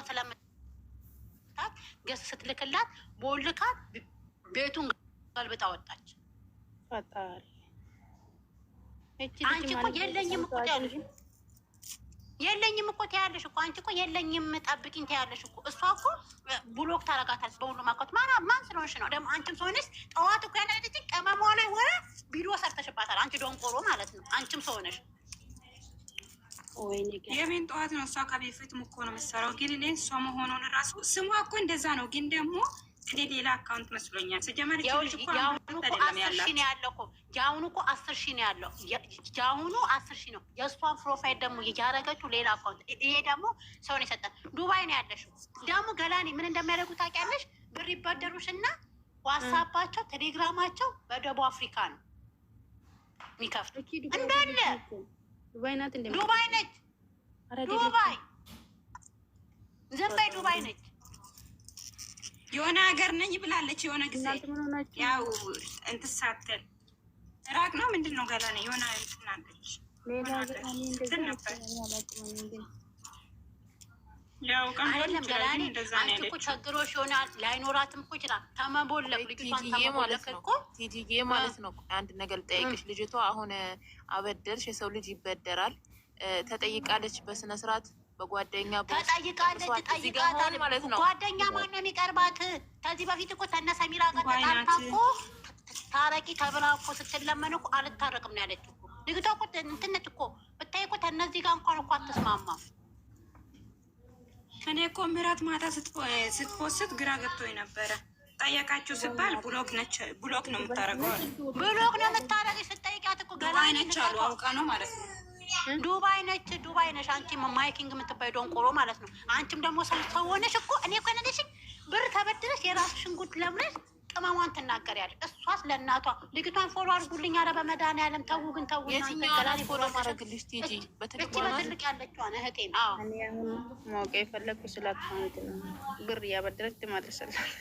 ሰውን ስለምታት ገስ ስትልክላት ቦልካት ቤቱን ገልብጣ ወጣች። አንቺ እኮ የለኝም እኮ ትያለሽ፣ የለኝም እኮ ትያለሽ እኮ አንቺ እኮ የለኝም ጠብቂኝ ትያለሽ እኮ። እሷ እኮ ብሎክ ታረጋታለች በሁሉ ማቆት ማን ማን ስለሆንሽ ነው ደግሞ? አንቺም ስለሆንሽ ጠዋት እኮ ያናደችኝ ቀመሟ ላይ ሆነ ቪዲዮ ሰርተሽባታል። አንቺ ደንቆሮ ማለት ነው። አንቺም ስለሆንሽ የቤን ጠዋት ነው እሷ ከቤት ሙኮ ነው የምትሰራው። ግን እኔ እሷ መሆኑን ራሱ ስሟ እኮ እንደዛ ነው። ግን ደግሞ እኔ ሌላ አካውንት መስሎኛል። ስጀመር ጃሁኑ እኮ አስር ሺ ነው ያለው። ጃሁኑ አስር ሺ ነው። የእሷን ፕሮፋይል ደግሞ ያረገችው ሌላ አካውንት። ይሄ ደግሞ ሰውን የሰጠን ዱባይ ነው ያለሽው። ደግሞ ገላኔ ምን እንደሚያደርጉ ታውቂያለሽ? ብር ይበደሩሽ እና ዋትሳፓቸው፣ ቴሌግራማቸው በደቡብ አፍሪካ ነው የሚከፍቱ እንዳለ ዱባይ ናት እንዴ? ዱባይ ነች። ዱባይ ዝም ዱባይ ነች። የሆነ ሀገር ነኝ ብላለች። የሆነ ጊዜ ያው እንትን ሳትል ራቅ ነው ምንድን ነው ገላ የሆነ እንትን አለች። ሌላ ነበር አይደለም ገላኔ አንቺ እኮ ቸግሮሽ ይሆናል ላይኖራትም እኮ ይችላል። ተመቦለቅ ቲጂዬ ማለት ነው። አንድ ነገር ልጠይቅሽ። ልጅቷ አሁን አበደርሽ፣ የሰው ልጅ ይበደራል። ተጠይቃለች በስነ ስርዓት በጓደኛ ተጠይቃለች። ጠይቃታል ማለት ነው። ጓደኛ ማን ነው የሚቀርባት? ከዚህ በፊት እኮ ተነ ሰሚራ ጋር ተጣልታ እኮ ታረቂ ተብላ እኮ ስትለመን እኮ አልታረቅም ነው ያለችው። ልጅቷ እኮ እንትነት እኮ ብታይ እኮ ተነዚህ ጋር እንኳን እኮ አትስማማም። እኔ እኮ ምራት ማታ ስትፖስት ግራ ገብቶኝ ነበረ። ጠየቃችሁ ስባል ብሎክ ነች ብሎክ ነው የምታረገው ብሎክ ነው የምታረገ ስጠይቂያት እኮ ዱባይ ነች አሉ። አውቃ ነው ማለት ነው። ዱባይ ነች ዱባይ ነሽ አንቺ ማይኪንግ የምትባይ ዶንቆሮ ማለት ነው። አንቺም ደግሞ ሰው ሆነሽ እኮ እኔ እኮ ብር ተበድረሽ የራስሽን ጉድ ለምነሽ ቅመሟን ትናገሪያለሽ። እሷስ ለእናቷ ልጅቷን ፎሎ አድርጉልኝ አለ። በመድኃኒዓለም ተው፣ ግን ተው። በትልቅ ያለችዋን እህቴ ነው። እኔ አሁን ማወቅ የፈለግኩ ስለ አካውንት ነው። ብር እያበደረች ትመልሳለች።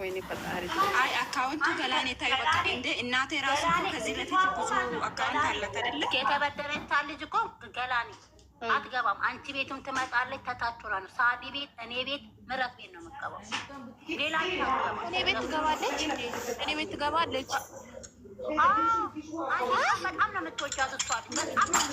ወይኔ ፈጣሪ! አይ አካውንቱ ገላን ታይ በቃ እንደ እናቴ ራሱ ከዚህ በፊት ብዙ አካውንት አላት አይደለ? የተበደረች ልጅ እኮ ገላኔ አትገባም። አንቺ ቤትም ትመጣለች፣ ተታችራ ነው ሳዲ ቤት፣ እኔ ቤት፣ ምረት ቤት ነው የምትገባው። ሌላ እኔ ቤት ትገባለች፣ እኔ ቤት ትገባለች። በጣም ነው የምትወጃት እሷ። በጣም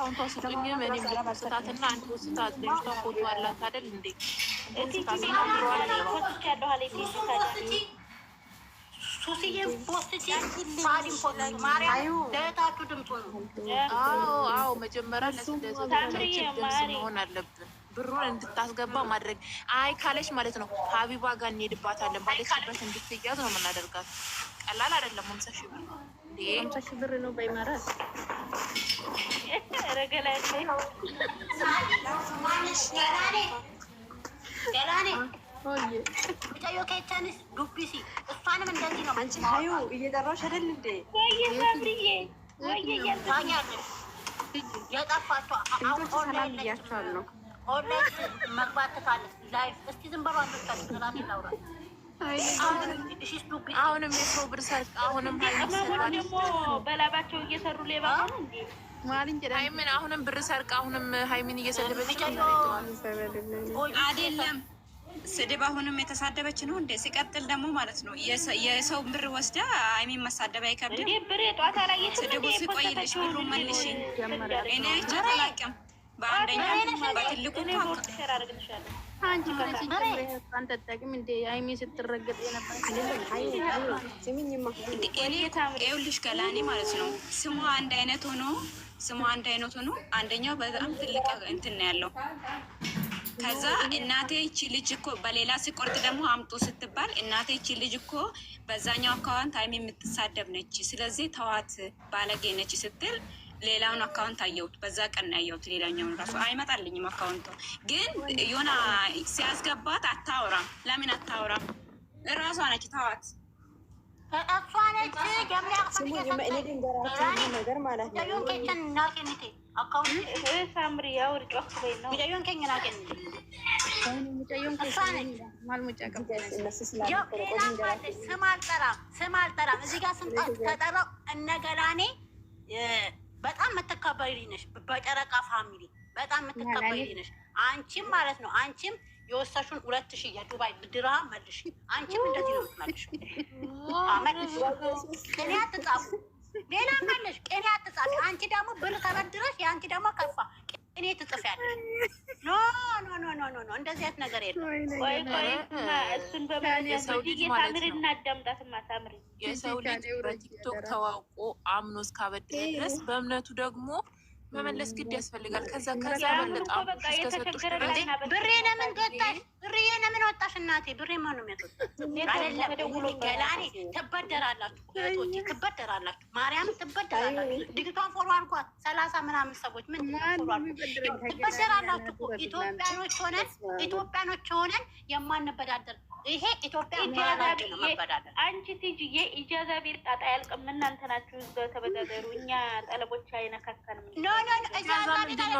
ከአካውንቷ ስጠኝ እኔም ስጣትና አንተ ስጣት ልጅቷ ፎቶ አላት አይደል እንዴ? መጀመሪያ መሆን አለብን። ብሩን እንድታስገባ ማድረግ አይ ካለች ማለት ነው ሀቢባ ጋር እንሄድባታለን ባለችበት እንድትያዝ ነው የምናደርጋት። ቀላል አይደለም። ሀምሳ ሺህ ብር ሀምሳ ሺህ ብር ነው በይመራል ረገላ እየጠራሁሽ እንዴ? የጠፋቸው አሁን ኦንላይን ነው ኦንላይን መግባት ትፋለች ላይፍ። እስቲ ዝም በሉ አሁንም የሰው ብር ሰርቅ፣ አሁንም በላባቸው እየሰሩ ሌባ ሀይሚን፣ አሁንም ብር ሰርቅ፣ አሁንም ሀይሚን እየሰደበች አይደለም ስድብ አሁንም የተሳደበች ነው እንደ ሲቀጥል ደግሞ ማለት ነው የሰው ብር ወስዳ አይሚን መሳደብ አይከብድም። ስድቡ ሲቆይልሽ ብሩ መልሽ። እኔ አይቼ አላውቅም። በአንደኛ በትልቁ ይኸውልሽ ገላኔ ማለት ነው። ስሟ አንድ አይነት ሆኖ ስሟ አንድ አይነት ሆኖ አንደኛው በጣም ትልቅ እንትን ያለው። ከዛ እናቴ ይቺ ልጅ እኮ በሌላ ሲቆርጥ ደግሞ አምጡ ስትባል እናቴ ይቺ ልጅ እኮ በዛኛው አካውንት ሀይሚ የምትሳደብ ነች፣ ስለዚህ ተዋት ባለጌ ነች ስትል ሌላውን አካውንት አየሁት። በዛ ቀን ያየሁት ሌላኛውን ራሱ አይመጣልኝም። አካውንቱ ግን የሆነ ሲያስገባት አታወራም። ለምን አታወራም? ራሷ ነች። ተዋት። ስም አልጠራም። ስም አልጠራም። እዚህ ጋር ስም ከጠራው እነ ገላኔ በጣም መተካባሪ ነሽ። በጨረቃ ፋሚሊ በጣም መተካባሪ ነሽ። አንቺም ማለት ነው አንቺም የወሰሹን ሁለት ሺህ የዱባይ ብድራ መልሽ። አንቺም እንደዚህ ነው የምትመልሽ። ቅኔ አትጻፉ፣ ሌላ መልሽ፣ ቅኔ አትጻፊ። አንቺ ደግሞ ብር ተበድረሽ የአንቺ ደግሞ ከፋ እኔ ትጽፊያለሽ። ኖ ኖ ኖ ኖ ኖ እንደዚህ አይነት ነገር የለም። እሱን የሰው ልጅ በቲክቶክ ተዋውቆ አምኖ እስካበደረ ድረስ በእምነቱ ደግሞ መመለስ ግድ ያስፈልጋል። ከዛ ከዛ በለጣ ብሬ ለምን ገባሽ? ብሬ ወጣሽ እናቴ ብሬ ማን ነው የሚያስወጣለምገላኔ ትበደራላችሁ፣ እህቶቼ ትበደራላችሁ፣ ማርያም ትበደራላችሁ። ድግቷን ፎሎ አልኳት ሰላሳ ምናምን ሰዎች ምን ትበደራላችሁ። ኢትዮጵያኖች ሆነን ኢትዮጵያኖች ሆነን የማንበዳደር ይሄ ኢትዮጵያ መበዳደር። አንቺ ቲጂ የኢጃዛ ቤት ጣጣ ያልቅም። እናንተ ናችሁ እዛው ተበዳደሩ። እኛ ጠለቦች አይነካከንም። ኖ ኖ እዛ ዛ ቤት አለ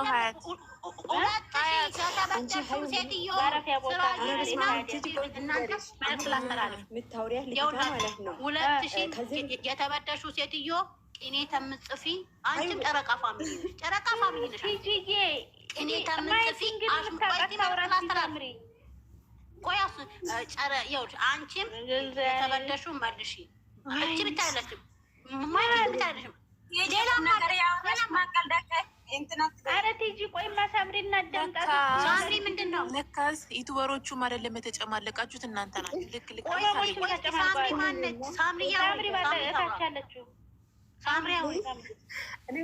የተበደሹ ሴትዮ ቅኔ ተምጽፊ አንቺም ጨረቃ ፋሚሊ ጨረቃ ፋሚሊ ነሽ። ቅኔ ተምጽፊ አሽሙቆይቲመላስተላምሪ ቆያሱ ጨረ የውድ አንቺም የተበደሹ መልሺ። አንቺ ብቻ አይለሽም፣ ማንም ብቻ አይለሽም። ሌላ ማቀልዳቀ ኧረ ቲጂ ቆይማ ሳምሪና አዳምጣት። ሳምሪ ምንድን ነው ለካስ ዩቱበሮቹም አይደለም የተጨማለቃችሁት እናንተ ናችሁ። ልክ ልክ እኔ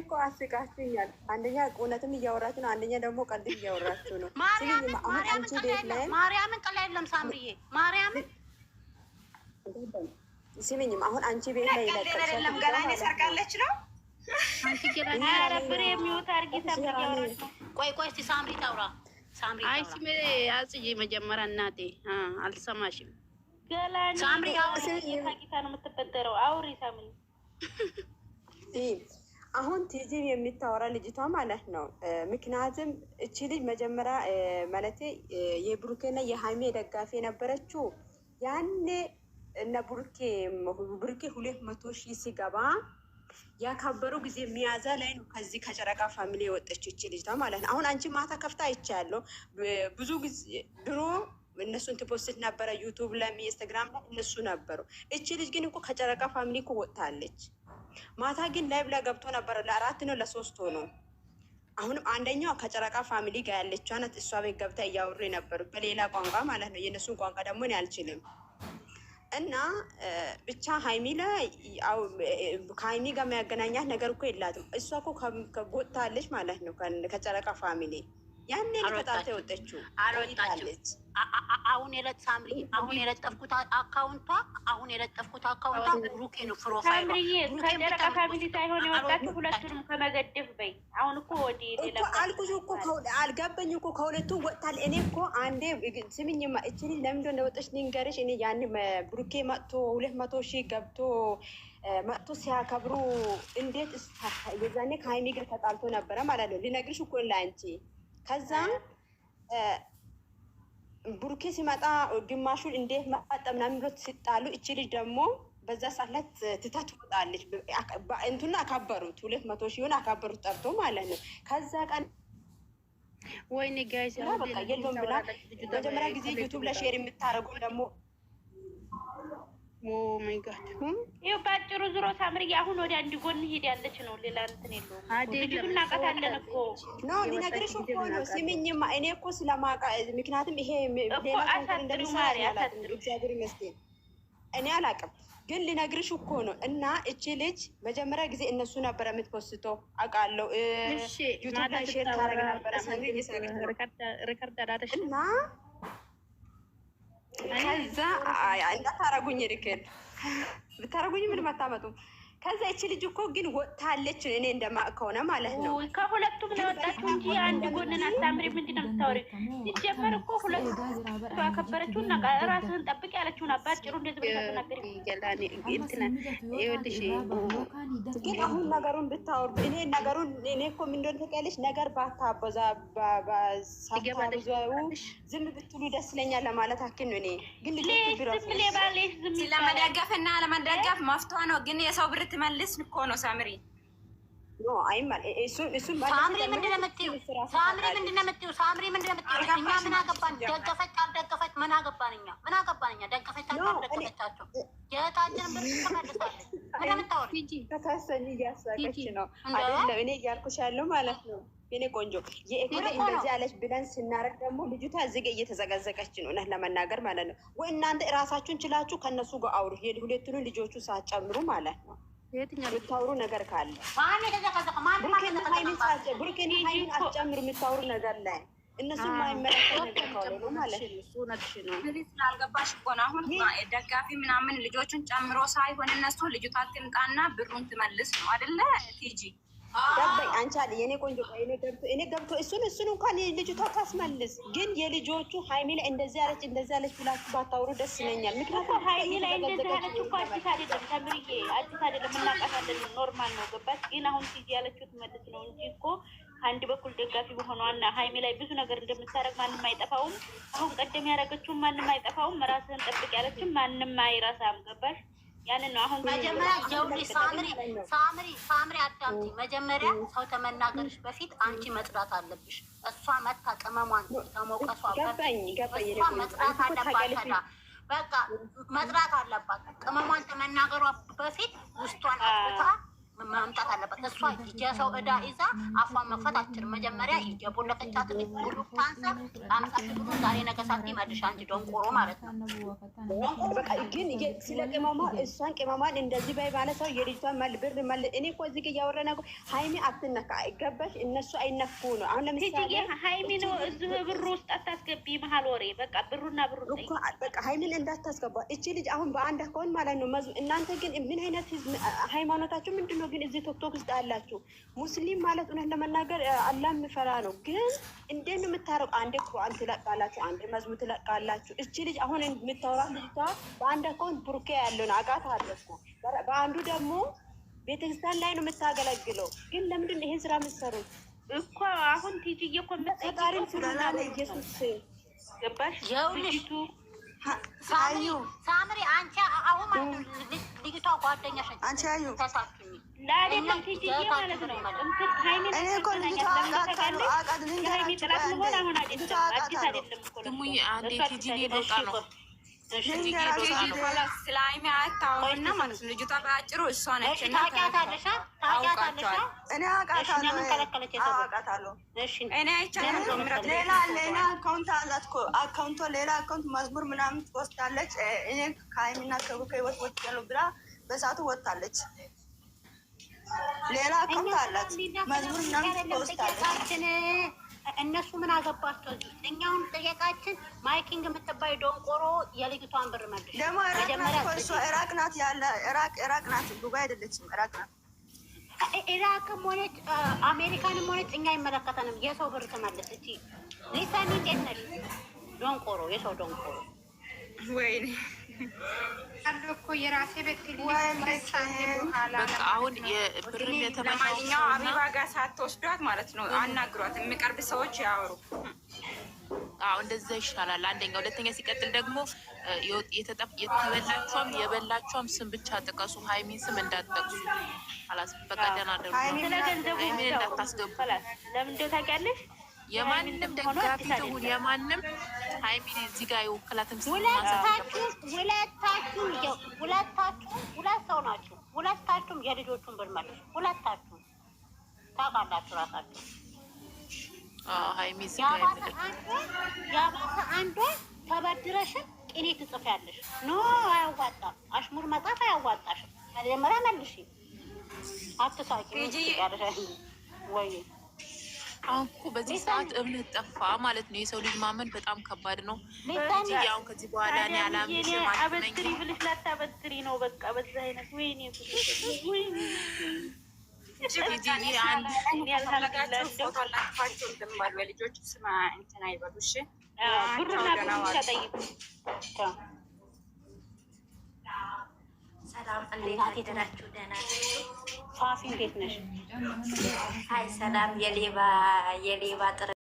እኮ አስቃችሁኛል። አንደኛ እውነትም እያወራችሁ ነው፣ አንደኛ ደግሞ ቀልድ እያወራችሁ ነው። ማርያምን ቅላ የለም ሳምሪዬ፣ ማርያምን ስሚኝም አሁን አንቺ ቤት ላይ ይለቀ ገና ሰርቃለች ነው ቆይ ቆይ እስኪ አሁን ቲጂን የሚታወራ ልጅቷ ማለት ነው። ምክንያቱም እቺ ልጅ መጀመሪያ ማለት የብሩኬና የሀይሜ ደጋፊ የነበረችው ያኔ እነ ብሩኬ ብሩኬ ሁለት መቶ ሺህ ሲገባ ያካበሩ ጊዜ ሚያዝያ ላይ ነው ከዚህ ከጨረቃ ፋሚሊ የወጣች ይች ልጅ ማለት ነው። አሁን አንቺ ማታ ከፍታ አይቻለሁ። ብዙ ጊዜ ድሮ እነሱን ትፖስት ነበረ ዩቱብ ላይ ኢንስታግራም ላይ እነሱ ነበሩ። እቺ ልጅ ግን እኮ ከጨረቃ ፋሚሊ እኮ ወጥታለች። ማታ ግን ላይቭ ላይ ገብቶ ነበረ ለአራት ነው ለሶስት ሆኖ አሁንም አንደኛው ከጨረቃ ፋሚሊ ጋር ያለችው ናት። እሷ ቤት ገብታ እያወሩ ነበሩ በሌላ ቋንቋ ማለት ነው። የእነሱን ቋንቋ ደግሞ እኔ አልችልም። እና ብቻ ሀይሚ ላይ ከሀይሚ ጋር የሚያገናኛት ነገር እኮ የላትም። እሷ እኮ ጎጥታለች ማለት ነው ከጨረቃ ፋሚሊ ያኔ ተጣልታ የወጣችው አሁን ሳምሪ አሁን የለጠፍኩት አካውንቷ አሁን የለጠፍኩት አካውንቷ ነው ፋሚሊ ሳይሆን የወጣችሁ ሁለቱንም ከመገደፍ በይ። አሁን እኮ አልኩሽ እኮ አልገባኝ እኮ ከሁለቱ ወጥታል። እኔ እኮ አንዴ ስምኝማ እችን ለምንድን እኔ ያን ብሩኬ መጥቶ ሁለት መቶ ሺህ ገብቶ መጥቶ ሲያከብሩ እንዴት የዛኔ ከሀይሚ ጋር ተጣልቶ ነበረ ማለት ነው። ሊነግርሽ እኮ ለአንቺ ከዛም ብሩኬ ሲመጣ ግማሹን እንዴት መጣጠም ምናምን ብሎ ሲጣሉ፣ እቺ ልጅ ደግሞ በዛ ሳለት ትታ ትወጣለች። እንትና አካበሩት ሁለት መቶ ሺህ አካበሩት ጠርቶ ማለት ነው። ከዛ ቀን ወይኔ ጋይስ የለም ብላ መጀመሪያ ጊዜ ዩቱብ ለሼር የምታደርገው ደግሞ ይኸው በአጭሩ ዝሮ ሳምሪ አሁን ወደ አንድ ጎን ሄድ ያለች ነው። ሌላ እንትን የለውም። ልጁን እናውቃታለን እኮ ነው ሊነግርሽ እኮ ነው። ስሚኝማ እኔ እኮ ስለማቃ ምክንያቱም ይሄ እግዚአብሔር ይመስገን እኔ አላቅም ግን ሊነግርሽ እኮ ነው። እና እቺ ልጅ መጀመሪያ ጊዜ እነሱ ነበረ የምትፖስቶ አውቃለሁ፣ ዩቱብ ላይ ሼር ታደርግ ነበረ እና ከዛ እንዳታረጉኝ ሪከርድ ብታረጉኝ ምንም አታመጡም። ከዛ ይቺ ልጅ እኮ ግን ወጥታለች፣ እኔ እንደማቅ ከሆነ ማለት ነው። ከሁለቱም ነው የወጣችው እንጂ አንድ ጎንን አታምሪ። ምንድን ነው የምታወሪው? ሲጀመር እኮ ሁለቱ አከበረችው እና ራስህን ጠብቅ ያለችውን በአጭሩ እንደዚህ ብለህ ተናገሪ። ግን አሁን ነገሩን ብታወርዱ እኔ ነገሩን እኔ እኮ ምን እንደሆነ ታውቂያለሽ፣ ነገር ባታበዛ ሳታብዛው ዝም ብትሉ ደስ ይለኛል ለማለት አክል ነው። እኔ ግን ልጅ ብሮ ስለመደገፍ እና ለመደገፍ መፍቷ ነው ግን የሰው ብር ልትመልስ እኮ ነው ሳምሪ። ሳምሪ ምንድን ነው የምትይው? ሳምሪ ምንድን ነው የምትይው? ሳምሪ ምንድን ነው የምትይው? እኛ ምን አገባን? ደገፈች አልደገፈች ምን አገባን? እኛ ምን አገባን? እኛ ደገፈች አልደገፈቻቸው የእህታችንን ብር ተመልሳለች። ምን የምታወሪው? ተከሰኝ ነው አይደለም። እኔ እያልኩሽ ያለው ማለት ነው የኔ ቆንጆ የኤኮኖ እንደዚህ ያለች ብለን ስናረግ ደግሞ ልጅቷ እዚህ እየተዘጋዘቀች ነው፣ እውነት ለመናገር ማለት ነው። ወይ እናንተ እራሳችሁን ችላችሁ ከእነሱ ጋር አውሩ፣ ሁለቱን ልጆቹ ሳትጨምሩ ማለት ነው። የትኛው የምታወሩ ነገር ካለ ብሩኬን ሀይን የምታወሩ ነገር ላይ እነሱ የማይመለከት ማለት ነው። ነው። ደጋፊ ምናምን ልጆቹን ጨምሮ ሳይሆን እነሱ ልጅቷ ትምጣና ብሩን ትመልስ ነው አይደለ ቲጂ ገባኝ። አንቺ አለ የኔ ቆንጆ እኔ ገብቶ እኔ ገብቶ እሱን እሱን እንኳን ልጅቷ ታስመልስ። ግን የልጆቹ ሀይሚ ላይ እንደዚህ አለች እንደዚህ አለች ብላችሁ ባታወሩ ደስ ይለኛል። ምክንያቱም ሀይሚ ላይ እንደዚህ አለች እኮ አዲስ አይደለም፣ ተምርዬ አዲስ አይደለም፣ እናውቃታለን። ኖርማል ነው ገባች። ግን አሁን ሲዚ ያለችው ትመልስ ነው እንጂ እኮ አንድ በኩል ደጋፊ በሆኗና ሀይሚ ላይ ብዙ ነገር እንደምታደርግ ማንም አይጠፋውም። አሁን ቀደም ያደረገችውም ማንም አይጠፋውም። ራስህን ጠብቅ ያለችም ማንም አይረሳም። ገባሽ ያንን ነው አሁን መጀመሪያ ጀውሪ ሳምሪ ሳምሪ ሳምሪ አዳምጪ። መጀመሪያ ሰው ከመናገርሽ በፊት አንቺ መጥራት አለብሽ። እሷ መታ ቅመሟን ከመውቀሷ እሷ መጥራት አለባት። በቃ መጥራት አለባት። ቅመሟን ከመናገሯ በፊት ውስጧን አጥታ ማምጣት አለበት። እሷ የሰው እዳ ይዛ አፏን መክፈት አትችልም። መጀመሪያ የቦለቀቻትን ሙሉ ካንሰር አምጣት ብሎ ዛሬ ነገ ሳትይ መልሽ አንቺ ደንቆሮ ማለት ነው። ግን ስለ ቅመማ እሷን ቅመማን እንደዚህ በይ ማለት ሰው የልጅቷን መል ብር መል እኔ እኮ እዚህ እያወረነ ሀይሚ አትነካ ገባሽ? እነሱ አይነኩ ነው። አሁን ለምሳሌ ሀይሚ ነው እዚህ ብሩ ውስጥ አታስገቢ መሀል ወሬ በቃ ብሩና ብሩ በቃ ሀይሚን እንዳታስገባ እቺ ልጅ አሁን በአንድ ከሆን ማለት ነው። እናንተ ግን ምን አይነት ህዝብ ሃይማኖታችሁ ምንድን ነው? ነው። ግን እዚህ ቶክቶክ ውስጥ አላችሁ ሙስሊም ማለት እውነት ለመናገር አላህ የሚፈራ ነው። ግን እንዴት ነው የምታረቁ? አንዴ ቁርአን ትለቃላችሁ፣ አንዴ መዝሙር ትለቃላችሁ። እቺ ልጅ አሁን የምታወራ ልጅቷ በአንድ አካውንት ቡርኬ ያለው ነው አቃት አለኩ፣ በአንዱ ደግሞ ቤተክርስቲያን ላይ ነው የምታገለግለው። ግን ለምንድን ይሄን ስራ የምትሰሩት? እኮ አሁን ቲጂ እኮ ፈጣሪን ፍሩናለ ኢየሱስ ገባሽ ሳምሪ አንቺ አሁን ማለት ልጅቷ ጓደኛሽ አንቺ አዩ እኔ ሌላ ሌላ አካውንት አላት ሌላ አካውንት መዝሙር ምናምን ትወስዳለች። እኔ ከሀይሚና ከቡከ ህይወት ያለው ብላ በሰዓቱ ወጥታለች። ሌላ አካውንት አላት። መዝሙር ምናምን እነሱ ምን አገባቸው እዚህ? እኛውን ጠየቃችን። ማይኪንግ የምትባይ ዶንቆሮ የልጅቷን ብር መልሽ። ደግሞ ኢራቅ ናት ያለ ኢራቅ ናት፣ ዱባይ አይደለችም። ኢራቅ ናት። ኢራቅም ሆነች አሜሪካንም ሆነች እኛ አይመለከተንም። የሰው ብር ትመልስ እ ሊሳኒ ጤነሽ ዶንቆሮ፣ የሰው ዶንቆሮ ወይኔ በቃ አሁን ብር የተመኛው አቢባ ጋር ሳትወስዷት ማለት ነው። አናግሯት፣ የሚቀርብ ሰዎች ያወሩ። አዎ እንደዛ ይሻላል። አንደኛ ሁለተኛ፣ ሲቀጥል ደግሞ የተበላቸውም የበላቸውም ስም ብቻ ጥቀሱ። ሀይሚን ስም እንዳትጠቅሱ። በቃ ደህና ደሩ። ሀይሚን እንዳታስገቡ። ለምን እንደው ታውቂያለሽ የማንም ደጋፊ ትሁን የማንም ሀይሚን እዚህ ጋር የወክላትም ሁለታችሁ ሁለታችሁ ሁለት ሰው ናችሁ። ሁለታችሁም የልጆቹን ብልመል ሁለታችሁ ታውቃላችሁ ራሳችሁ ያባሰ አንዷ ተበድረሽም ቅኔ ትጽፊያለሽ። ኖ አያዋጣም፣ አሽሙር መጻፍ አያዋጣሽም። መጀመሪያ መልሽ አትሳቂ ወይ አሁን እኮ በዚህ ሰዓት እምነት ጠፋ ማለት ነው። የሰው ልጅ ማመን በጣም ከባድ ነው። አሁን ከዚህ በኋላ አበድሪ ብልሽ ላታበትሪ ነው በቃ በዛ አይነት ወይኔ ልጆች ስማ እንትን አይበሉሽ ብርና ብሩና ተጠይቁ ሰላም እንዴት አደራችሁ? ደህና ፋፊ፣ እንዴት ነሽ? አይ ሰላም የሌባ የሌባ ጥር